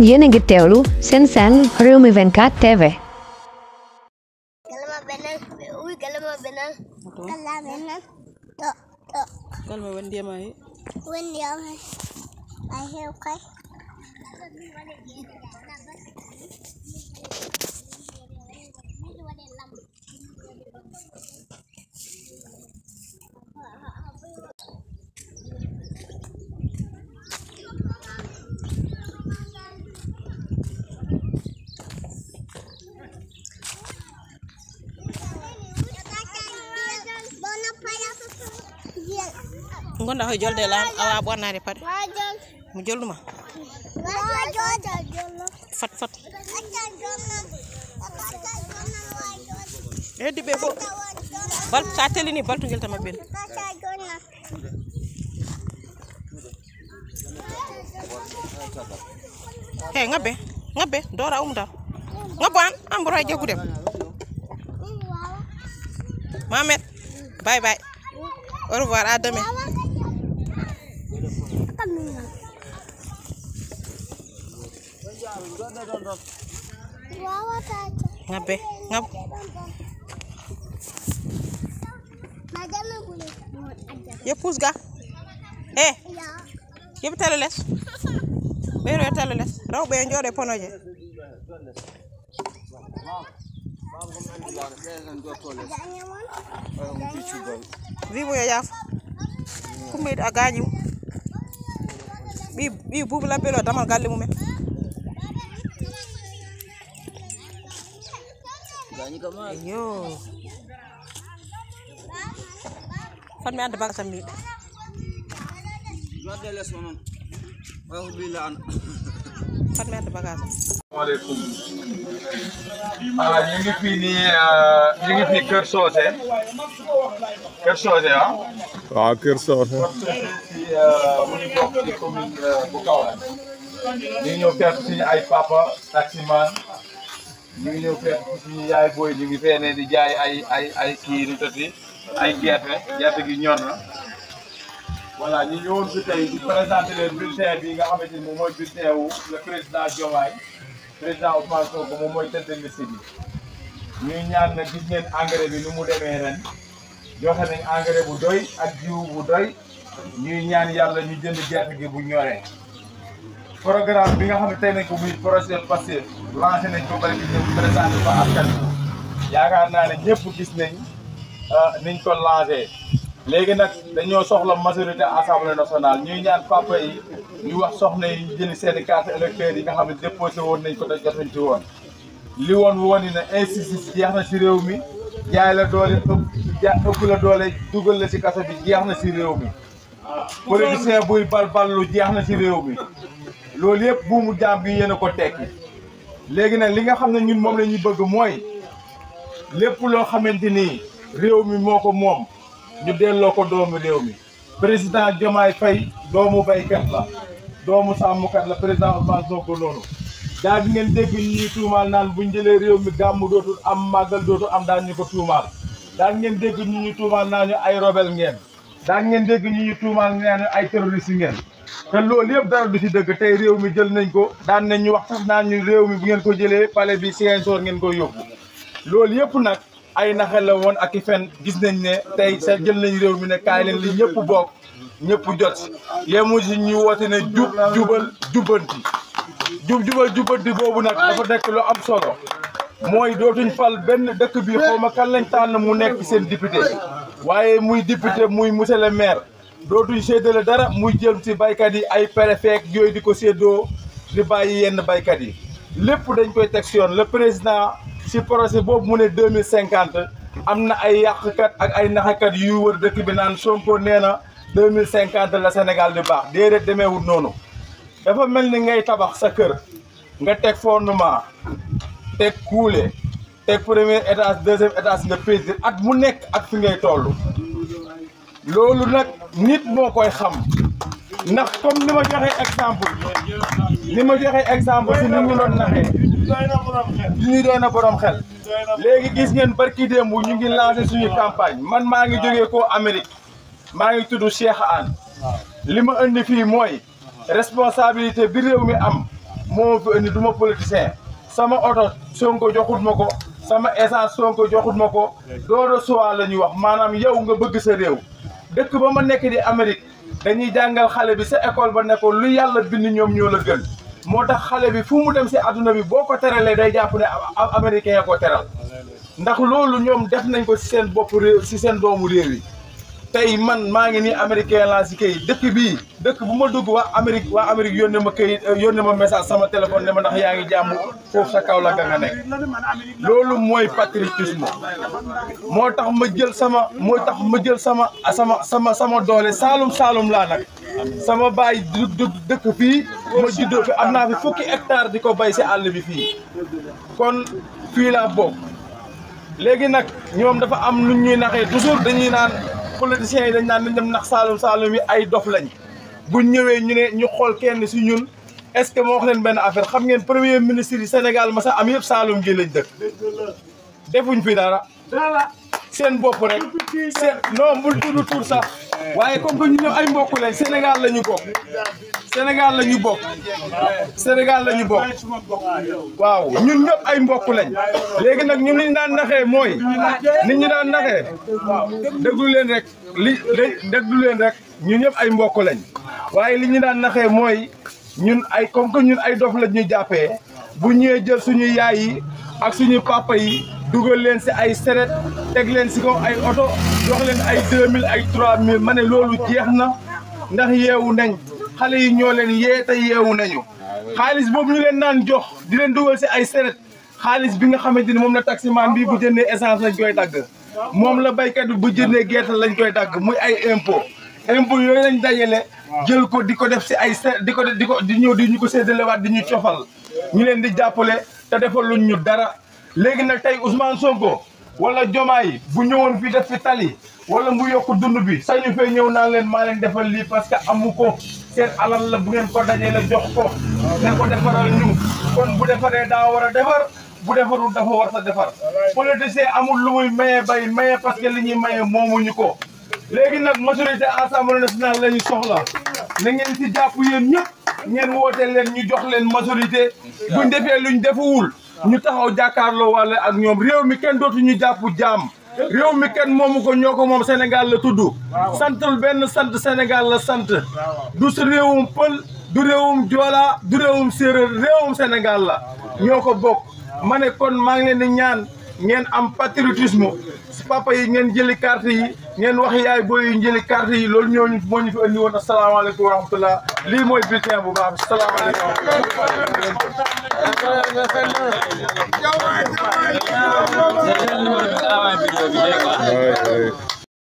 Jenenge Teolu, Sensan, Rumi Venkat TV. Kalma benan, uy kalma benan. Kalma benan. To, to. Kalma wendia mai. Wendia mai. I hear okay. ngonda koye jolde e awa bonare pat mu jolduma fat fat e dibe fof bal sa telini baltugel ta ben he ngabe ngabe dora umda ngaban an an mboro e jaggudem bye bye au revoir à demain ya. ngapi ngap ya pus ga eh ya betul les beru betul les rau beru jodoh pon aja vivo ya ya kumit aganyu bi bi bubla pelo tamal galimu me nyanyi kok mah yo iya. fan me anda bakasam bi gade les monon wa bila an me anda bakasam alaikum ah ah waaw Ini soose ay papa ñu ngi ñëw fekk ñu ngi fee di jaay ay ay ay kii ay gerte gerte gi ñor na voilà ñu ñëwoon fi tey di présenté leen bi nga xamante ni mooy bulletin wu président Diomaye président Ousmane moom mooy tête bi ñuy ñaan na gis bi nu mu demee ren joxe nañ engrais bu doy ak jiw bu doy ñuy ñaan yàlla ñu jënd gerte gi bu ñoree programme bi nga xam ne tey nañ ko muy projet passé lancé nañ ko bari ñëw présenté ko askan yaakaar naa ne ñëpp gis nañ euh, niñ ko lancé léegi nag dañoo soxla majorité assemblée nationale ñuy ñaan papa yi ñu wax soxna yi jëli seen i carte yi nga xam ne déposé woon nañ ko te jotuñ ci woon li woon woon na injustice jeex na si réew mi jaay la doole ëpp ëpp la doole dugal la si kaso bi jeex na si réew mi ah, politicien buy balbal lu jeex na si réew mi loolu yëpp buumu jaam gi yéen a ko tekki léegi nag li nga xam ne ñun moom la ñuy bëgg mooy lépp loo xamante ni réew mi moo ko moom ñu delloo ko doomu réew mi président Diomaye Faye doomu baykat la doomu sàmmkat la président Ousmane Sonko noonu daa di ngeen dégg ñu tuumaal naan bu ñu jëlee réew mi gàmmu dootul am màggal dootul am daan ñu ko tuumaal daa ngeen dégg ñu ñu tuumaal naa ñu ay robel ngeen daa ngeen dégg ñu ñu tuumaal naa ñu ay terroriste ngeen te loolu yëpp dara bi ci dëgg tey réew mi jël nañ ko daan nañ ñu wax sax naan ñu réew mi bu ngeen ko jëlee pale bi Ziguinchor ngeen koy yóbbu loolu yëpp nag ay naxe la woon ak i fen gis nañ ne tey sa jël nañ réew mi ne kaay leen li ñëpp bokk ñëpp jot yemu muj ñu woote ne jub jubal jubbanti jub jubal jubbanti boobu nag dafa nekk lu am solo mooy dootuñ fal benn dëkk bi xaw ma kan lañ tànn mu nekk seen dipite waaye muy député muy monsieur le maire dootuñ séddale dara mu jël ci baykat yi ay préfet yooyu di ko séddoo di bàyyi yenn baykat yi lépp dañ koy teg si yoon le président si projet boobu mu ne deux mille cinquante am na ay yàqkat ak ay naxakat yuy wër dëkk bi naan Sonko nee na deux mille cinquante la Sénégal di baax déedéet demeewul noonu dafa mel ni ngay tabax sa kër nga teg fondement teg kuule teg premier étage deuxième étage nga peinture at mu nekk ak fi ngay toll loolu nag nit moo koy xam ndax comme ni ma joxe exemple ni ma joxe exemple si ni ñu doon naxee li ñu doon a borom xel léegi gis ngeen barki démb ñu ngi lancé suñu campagne man maa ngi jógee koo Amérique maa ngi tudd Cheikh Anne li ma indi fii mooy responsabilité bi réew mi am moo fi indi du ma politicien sama oto Sonko joxut ma ko sama essence Sonko joxut ma ko door a suwaa la ñuy wax maanaam yow nga bëgg sa réew dëkk ba ma nekk di Amérique dañuy jàngal xale bi sa école ba nekkoon lu yàlla bind ñoom ñoo la gën moo tax xale bi fu mu dem si adduna bi boo ko teralee day jàpp ne américain ya ko teral ndax loolu ñoom def nañ ko si seen bopp réew si seen doomu réew yi tey man maa ngi nii américain laa si këyit dëkk bii dëkk bu ma dugg waa Amérique waa Amérique yónnee ma këyit euh, yónnee ma message sama téléphone ne ma ndax yaa ngi jàmm foofu sa kaw la nga nga nekk loolu mooy patriotisme moo tax ma jël sama moo tax ma jël sama ah, sama sama sama doole saalum saalum laa nag sama baay dëkk fii ma juddoo fi am naa fi fukki hectare di ko bay si àll bi fii kon fii laa bokk léegi nag ñoom dafa am lu ñuy toujours dañuy naan politiciens yi dañ naan nañ dem nax Saalum Saalum yi ay dof lañ buñ ñëwee ñu ne ñu xool kenn si ñun est-ce que moo wax leen benn affaire xam ngeen premier ministre yi Sénégal ma sax am yëpp Saalum gi lañ dëkk. defuñ fi dara. dara seen bopp rek. seen non mbul tudd tur sax. waaye comme que ñu ñëw ay mbokk lañ Sénégal la ñu Sénégal la ñu bokk Sénégal la ñu bokk waaw ñun ñëpp ay mbokk lañ léegi nag ñun li ñu daan naxee mooy nit ñi daan naxee leen rek li déglu leen rek ñun ñëpp ay mbokk lañ waaye li ñu daan naxee mooy ñun ay comme ñun ay dof lañ ñu jàppee bu ñëwee jël suñu yaay yi ak suñu papa yi dugal leen si ay seret teg leen si ko ay oto jox leen ay 2000 ay 3000 ma ne loolu jeex na ndax yeewu nañ. xale yi ñoo leen yee te yeewu nañu xaalis boobu ñu leen naan jox di leen dugal si ay seret xaalis bi nga xamante ni moom na la taximaan bi bu jëndee essence lañ koy dagg moom la béykat bi bu jëndee gerte lañ koy dagg muy ay impôt impôt yooyu lañ dajale jël ko di ko def si ay seret di ko di ko di ñëw di ñu ko séddalewaat di ñu cofal ñu leen di jàppale te defaluñ ñu dara léegi nag tey Ousmane Sonko wala Diomaye bu ñëwoon fii def fi tali wala mu yokk dund bi sañu fee ñëw naa leen maa leen defal lii parce que amu ko seen alal la bu ngeen ko dajee la jox ko ne ko defaral ñu kon bu defaree daa war a defar bu defarul dafa war sa defar politicien amul lu muy maye bay maye parce que li ñuy maye moomuñu ko léegi nag majorité assemblée nationale la ñu soxla na ngeen si jàpp yéen ñëpp ngeen woote leen ñu jox leen majorité buñ defee luñ defuwul ñu taxaw jàkkaarloo wàlle ak ñoom réew mi kenn dootuñu jàpp jaam réew mi kenn moomu ko ñoo ko moom Sénégal la tudd santul benn sant Sénégal la sant du si pël du réewum joola du réewum séeréer réewum Sénégal la ñoo ko bokk ma ne kon maa ngi leen ñaan ngeen am patriotisme su papa yi ngeen jëli carte yi ngeen wax yaay booy yi jëli carte yi loolu ñooñu moo ñu fi andi woon asalaamaaleykum wa lii mooy bulletin bu baax asalaamaaleykum. waaw